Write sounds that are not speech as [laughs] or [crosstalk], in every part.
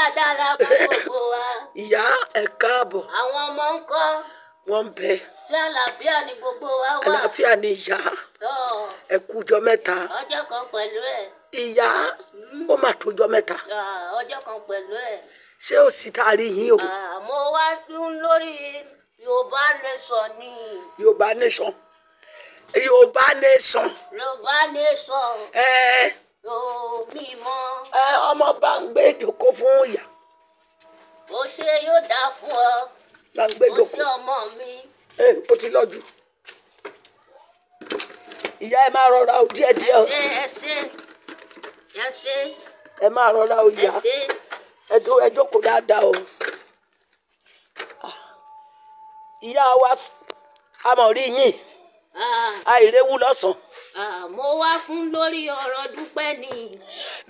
dáadáa la bá gbogbo wa. ìyá ẹ káàbọ̀. àwọn ọmọ ń kọ́. wọ́n ń bẹ. tí àlàáfíà ni gbogbo wa wà. àlàáfíà ni ìyá. ẹ kújọ mẹ́ta. ọjọ́ kan pẹ̀lú ẹ̀. ìyá hmm. ó mà tójọ́ mẹ́ta. ọjọ́ kan pẹ̀lú ẹ̀. ṣé o sì ta rí yín o. mo wá dún lórí yorùbá nation ni. yorùbá nation yorùbá nation. yorùbá nation. ẹ̀ẹ́. Eh tó mímọ́. ẹ ọmọ bá ń gbé ìjòkó fún ìyá. bó ṣe yóò dáa fún ọ. bá ń gbé ìjòkó. bó ṣe ọmọ mi. ẹ o ti lọ jù. ìyá ẹ máa rọra o díẹ̀ díẹ̀. ẹ ṣe ẹ ṣe ẹ ṣe. ẹ máa rọra o ìyá. ẹ ṣe. ẹ jókòó dáadáa o. Ah. ìyá wa a mọ̀ rí yín àìrèwú ah. lọ́sàn-án mo wá fún lórí ọ̀rọ̀ dúpẹ́ ni.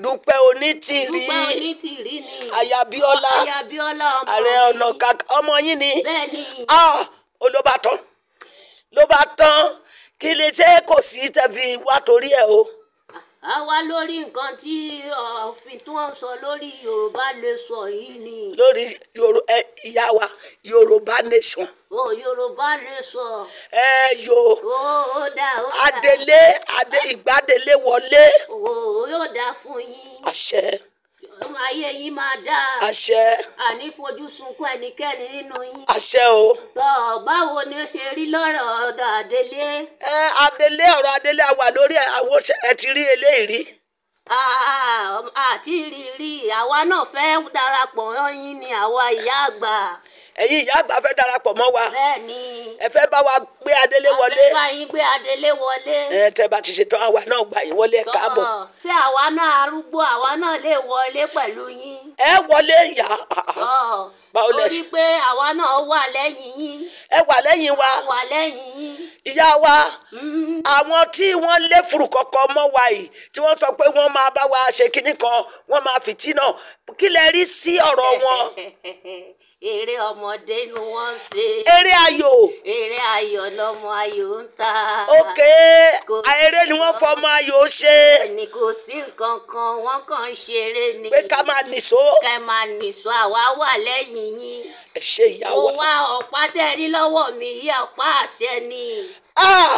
dúpẹ́ onítìrí. dúpẹ́ onítìrí ni. ayabiola. ayabiola ọmọ mi. ààrẹ ọ̀nà kàkà ọmọ yín ni. bẹ́ẹ̀ni. ah olóbàtán ló bá tán kí lè ṣe kò sí tẹ̀fi wá torí ẹ̀ o a wá lórí nǹkan tí òfin tí wọ́n sọ lórí yorùbá lè sọ yìí ni. lórí ìyá wa yorùbá nation. o oh, yorùbá lè sọ. ẹ yo oh, ó dá ó dá adelé ìgbàdélé wọlé. o oh, yóò dá fún yín. àṣẹ ayé yín máa dáa. àṣẹ. àní fojú sunkún ẹnikẹ́ni nínú yín. àṣẹ o. tọ́ báwo ni ó ṣe rí lọ́rọ̀ ọ̀dọ̀ adelé. ẹ adelé ọ̀rọ̀ adelé a wà lórí àwọn ẹ ti rí eléyìí rí àti rírí àwa náà fẹ́ darapọ̀ yín ni àwa ìyá àgbà ẹ̀yin ìyá àgbà fẹ́ darapọ̀ mọ́ wa ẹ fẹ́ bá wa gbé adélé wọlé àfẹ́ bá yín gbé adélé wọlé ẹ tẹ́ bá ti ṣetán àwa náà gbà yín wọlé ẹ káàbọ̀. tí àwa náà arúgbó àwa náà lè wọlé pẹ̀lú yín. ẹ wọlé ìyá báwo lẹ ṣe. torí pé àwa náà wà lẹ́yìn yín. ẹ wà lẹ́yìn wa. wà lẹ́yìn yín. ìyá wa mm-hmm. àwọn tí wọ́n lé furu kọ̀ọ̀kan mọ́ wa yìí tí wọ́n sọ pé wọ́n máa bá wa ṣe kinní kan wọ́n máa fìtínà kí lẹ rí sí ọ̀rọ̀ wọn. [laughs] eré ọmọdé ni wọ́n ṣe. eré ayò. eré ayò lọmọ ayò ń ta. ok eré ni wọ́n fọmọ ayò ṣe. ẹni kò sí nǹkan kan wọ́n kàn ń ṣeré ni. pé ká máa nìṣó. ká máa nìṣó àwa wà lẹ́yìn yín. ẹ ṣe ìyá wa. mo wá ọ̀pá tẹ̀rí lọ́wọ́ mi yí ọ̀pá àṣẹ ni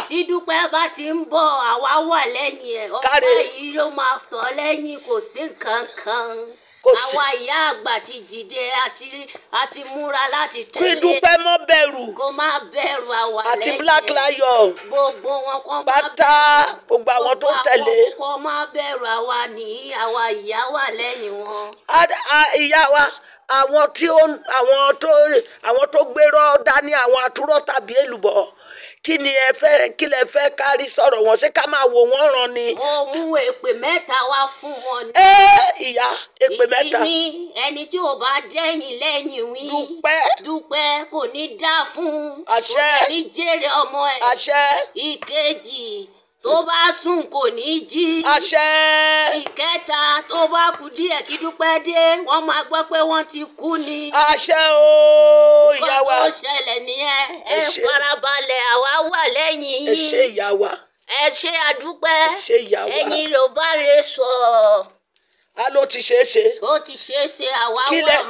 tí dúpẹ́ bá ti ń bọ̀ àwa wà lẹ́yìn ẹ̀ ọ̀pá yìí ló máa tọ́ lẹ́yìn kò sí nǹkan kan àwa ìyá àgbà ti dìde a ti múra láti tẹ̀lé. kí dúpẹ́ mọ́ bẹ̀rù. kó má bẹ̀rù àwa lẹ́yìn. àti black lion. gbogbo wọn kọ́ má bẹ̀rù. bàtà gbogbo àwọn tó tẹ̀lé. gbogbo àwọn kọ́ má bẹ̀rù àwa nìyí àwa ìyá wà lẹ́yìn wọn. ìyá wa àwọn tí ó àwọn tó àwọn tó gbérọ́ dání àwọn àtúrọ̀ tàbí èlùbọ̀ kí ni ẹ fẹ́ kí lẹ fẹ́ kárí sọ̀rọ̀ wọn ṣé ká máa wò wọ́n ràn ni. ó mú èpè mẹ́ta wá fún wọn ni. ẹ ìyá èpè mẹ́ta. ìní ẹni tí ò bá dẹ́yìn lẹ́yìn wí. dúpẹ́. dúpẹ́ kò ní dá fún. àṣẹ. kò ní jèrè ọmọ ẹ. àṣẹ. ìkejì tó bá sùn kò ní í jí. àṣẹ. ìkẹta tó bá kú díẹ̀ kí dúpẹ́ dé wọ́n máa gbọ́ pé wọ́n ti kú ni. àṣẹ o ìyá wa. kó tó ṣẹlẹ̀ nìyẹn ẹ farabalẹ̀ àwa wà lẹ́yìn yín. ẹ ṣé ìyá wa. ẹ ṣé àdúpẹ́. ẹ ṣé ìyá wa. ló bá rè sọ. a ló ti ṣeé ṣe. ó ti ṣeé ṣe àwa wà. kílẹ̀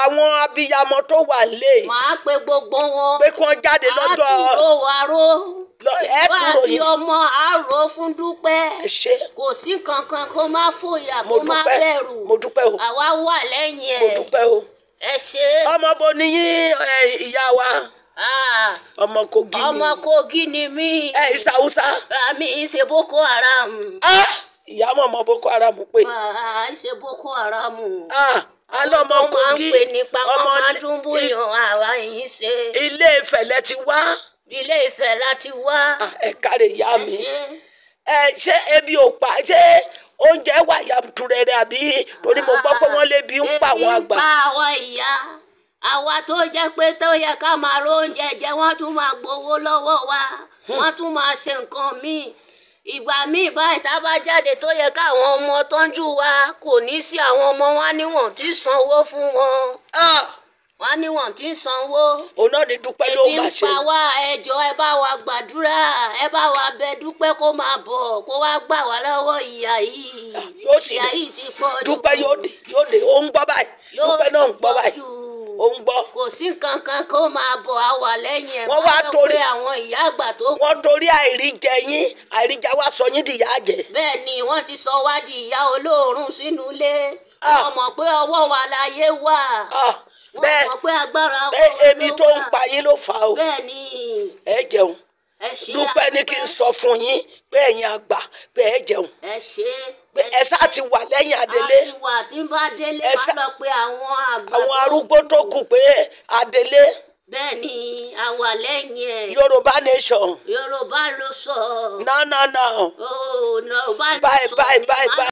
àwọn abiyamọ tó wà lé. màá pe gbogbo wọn. pé kí wọ́n jáde lọ́dọ̀. àtúrò àró. ẹ túrò yìí. bá a ti ọmọ àrò fún dúpẹ́. ṣe. kò sí kankan kó má fòyà kó má bẹ̀rù. mo dúpẹ́ o. àwa wà lẹ́yìn ẹ̀. mo dúpẹ́ o. ẹ ṣe. ọmọ bo ni yín ìyá wa ọmọ kogi ni ọmọ kogi ni mí. ẹ ìsà hausa. àmì ìṣe boko haram. Ah! ìyá mọ̀ ọmọ boko haram pé. ìṣe boko haram. Ah! alọmọ kogi ọmọ ilé Ifẹ̀ lẹ wá. ilé Ifẹ̀ la ti wá. ẹ káre ìyá mi ẹ ṣé ebi ò pa ṣé oúnjẹ wà yàtúrẹ́ rẹ̀ àbí torí mo gbọ́ pé wọ́n lè bí ń pa àwọn àgbà. ebi ń pa àwọn ìyá àwa tó jẹ́ pé tó yẹ ká máa ro oúnjẹ jẹ wọ́n tún máa gbowó lọ́wọ́ wa wọ́n tún máa ṣe nǹkan míì ìgbà míì báyìí tá a bá jáde tó yẹ káwọn ọmọ tọ́jú wa kò ní sí àwọn ọmọ wa níwọ̀n tí san owó fún wọn. Ah! wá níwọ̀n tí ń sanwó. òun náà ni dúpẹ́ ló máa ṣe. ebi ń pa wá ẹjọ́ ẹ bá wa gbàdúrà ẹ bá wa bẹ dúpẹ́ kó máa bọ̀ kó wá gbà wá lọ́wọ́ ìyá yìí. yóò sì dé dúpẹ́ yóò sí nǹkan kó máa bọ̀ á wà lẹ́yìn ẹ̀ wọ́n wá torí àwọn ìyá àgbà tó. wọ́n torí àìríjẹ yín àìríjẹ wá sọ yín di ìyá àjẹ. bẹ́ẹ̀ ni wọ́n ti sọ wá di ìyá olóòórùn sínú ilé ah. wọ́n mọ̀ pé ọwọ́ wa láyé wà ah. wọ́n mọ̀ pé agbára wọn ló wà. bẹ́ẹ̀ èmi tó ń pa yín ló fà o. bẹ́ẹ̀ ni. ẹ jẹun dúpẹ́ ní kí n sọ fún yín pé ẹ̀yin àgbà pé jẹun. ẹ ṣe é pé ẹ ṣáà ti wà lẹ́yìn adélé ẹ ṣáà àwọn arúgbó tó kù pé adélé bẹ́ẹ̀ni àwa lẹ́yìn ẹ. yorùbá nation. yorùbá ló sọ. no no no. ooo oh, yorùbá ló sọ. bye bye bye bye.